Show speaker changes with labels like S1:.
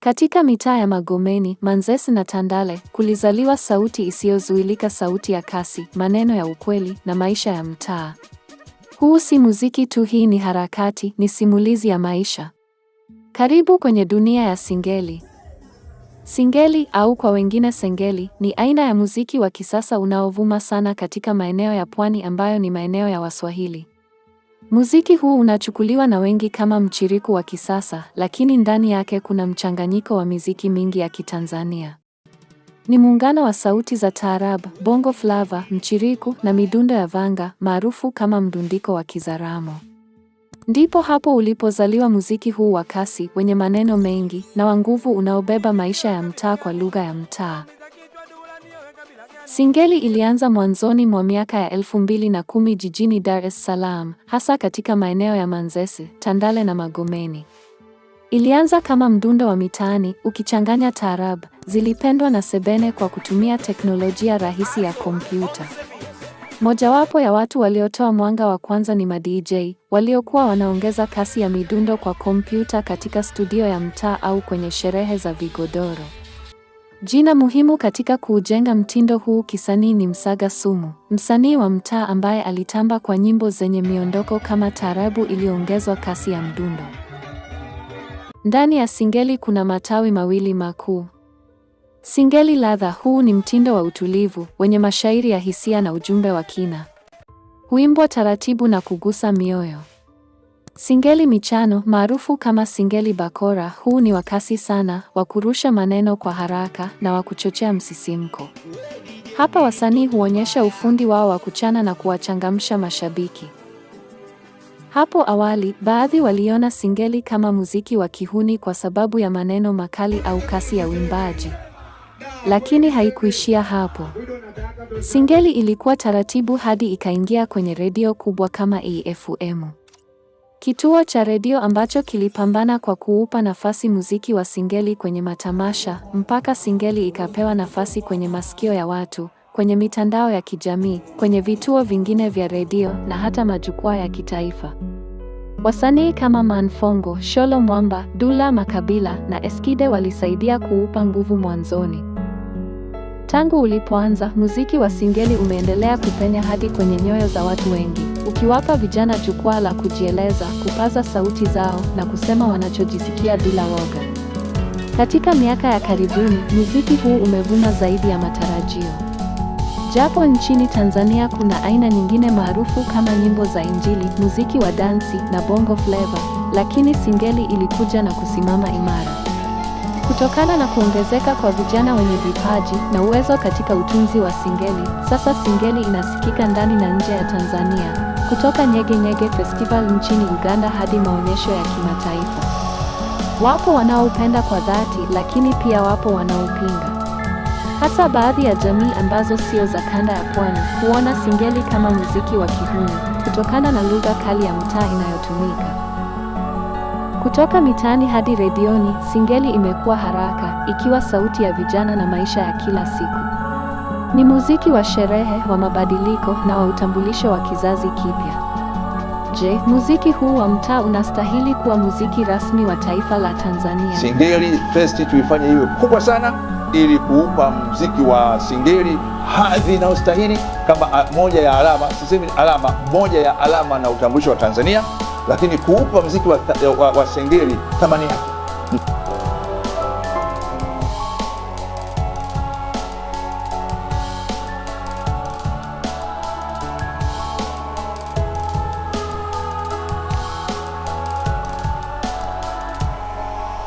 S1: Katika mitaa ya Magomeni, Manzese na Tandale kulizaliwa sauti isiyozuilika, sauti ya kasi, maneno ya ukweli na maisha ya mtaa. Huu si muziki tu, hii ni harakati, ni simulizi ya maisha. Karibu kwenye dunia ya Singeli. Singeli au kwa wengine Sengeli ni aina ya muziki wa kisasa unaovuma sana katika maeneo ya pwani ambayo ni maeneo ya Waswahili. Muziki huu unachukuliwa na wengi kama mchiriku wa kisasa, lakini ndani yake kuna mchanganyiko wa miziki mingi ya Kitanzania. Ni muungano wa sauti za taarab, bongo flava, mchiriku na midundo ya vanga maarufu kama mdundiko wa Kizaramo. Ndipo hapo ulipozaliwa muziki huu wa kasi wenye maneno mengi na wa nguvu unaobeba maisha ya mtaa kwa lugha ya mtaa. Singeli ilianza mwanzoni mwa miaka ya elfu mbili na kumi jijini Dar es Salaam, hasa katika maeneo ya Manzese, Tandale na Magomeni. Ilianza kama mdundo wa mitaani ukichanganya taarab, zilipendwa na sebene kwa kutumia teknolojia rahisi ya kompyuta. Mojawapo ya watu waliotoa mwanga wa kwanza ni madj waliokuwa wanaongeza kasi ya midundo kwa kompyuta katika studio ya mtaa au kwenye sherehe za vigodoro. Jina muhimu katika kuujenga mtindo huu kisanii ni Msaga Sumu, msanii wa mtaa ambaye alitamba kwa nyimbo zenye miondoko kama taarabu iliyoongezwa kasi ya mdundo. Ndani ya singeli kuna matawi mawili makuu. Singeli ladha, huu ni mtindo wa utulivu wenye mashairi ya hisia na ujumbe wa kina. Huimbwa taratibu na kugusa mioyo. Singeli michano maarufu kama singeli bakora, huu ni wakasi sana wa kurusha maneno kwa haraka na wa kuchochea msisimko. Hapa wasanii huonyesha ufundi wao wa kuchana na kuwachangamsha mashabiki. Hapo awali, baadhi waliona singeli kama muziki wa kihuni kwa sababu ya maneno makali au kasi ya uimbaji. Lakini haikuishia hapo. Singeli ilikuwa taratibu hadi ikaingia kwenye redio kubwa kama AFM kituo cha redio ambacho kilipambana kwa kuupa nafasi muziki wa singeli kwenye matamasha, mpaka singeli ikapewa nafasi kwenye masikio ya watu, kwenye mitandao ya kijamii, kwenye vituo vingine vya redio na hata majukwaa ya kitaifa. Wasanii kama Manfongo, Sholo Mwamba, Dula Makabila na Eskide walisaidia kuupa nguvu mwanzoni. Tangu ulipoanza, muziki wa singeli umeendelea kupenya hadi kwenye nyoyo za watu wengi ukiwapa vijana jukwaa la kujieleza, kupaza sauti zao na kusema wanachojisikia bila woga. Katika miaka ya karibuni, muziki huu umevuna zaidi ya matarajio. Japo nchini Tanzania kuna aina nyingine maarufu kama nyimbo za injili, muziki wa dansi na bongo fleva, lakini singeli ilikuja na kusimama imara. Kutokana na kuongezeka kwa vijana wenye vipaji na uwezo katika utunzi wa singeli, sasa singeli inasikika ndani na nje ya Tanzania. Kutoka Nyege Nyege Festival nchini Uganda hadi maonyesho ya kimataifa. Wapo wanaoupenda kwa dhati, lakini pia wapo wanaopinga. Hasa baadhi ya jamii ambazo sio za kanda ya pwani huona singeli kama muziki wa kihuni kutokana na lugha kali ya mtaa inayotumika. Kutoka mitaani hadi redioni, singeli imekuwa haraka, ikiwa sauti ya vijana na maisha ya kila siku. Ni muziki wa sherehe, wa mabadiliko na wa utambulisho wa kizazi kipya. Je, muziki huu wa mtaa unastahili kuwa muziki rasmi wa taifa la Tanzania?
S2: Singeli Fest tuifanye iwe kubwa sana ili kuupa muziki wa Singeli hadhi inayostahili kama moja ya alama, sisemi alama, moja ya alama na utambulisho wa Tanzania, lakini kuupa muziki wa, wa, wa Singeli thamani yake.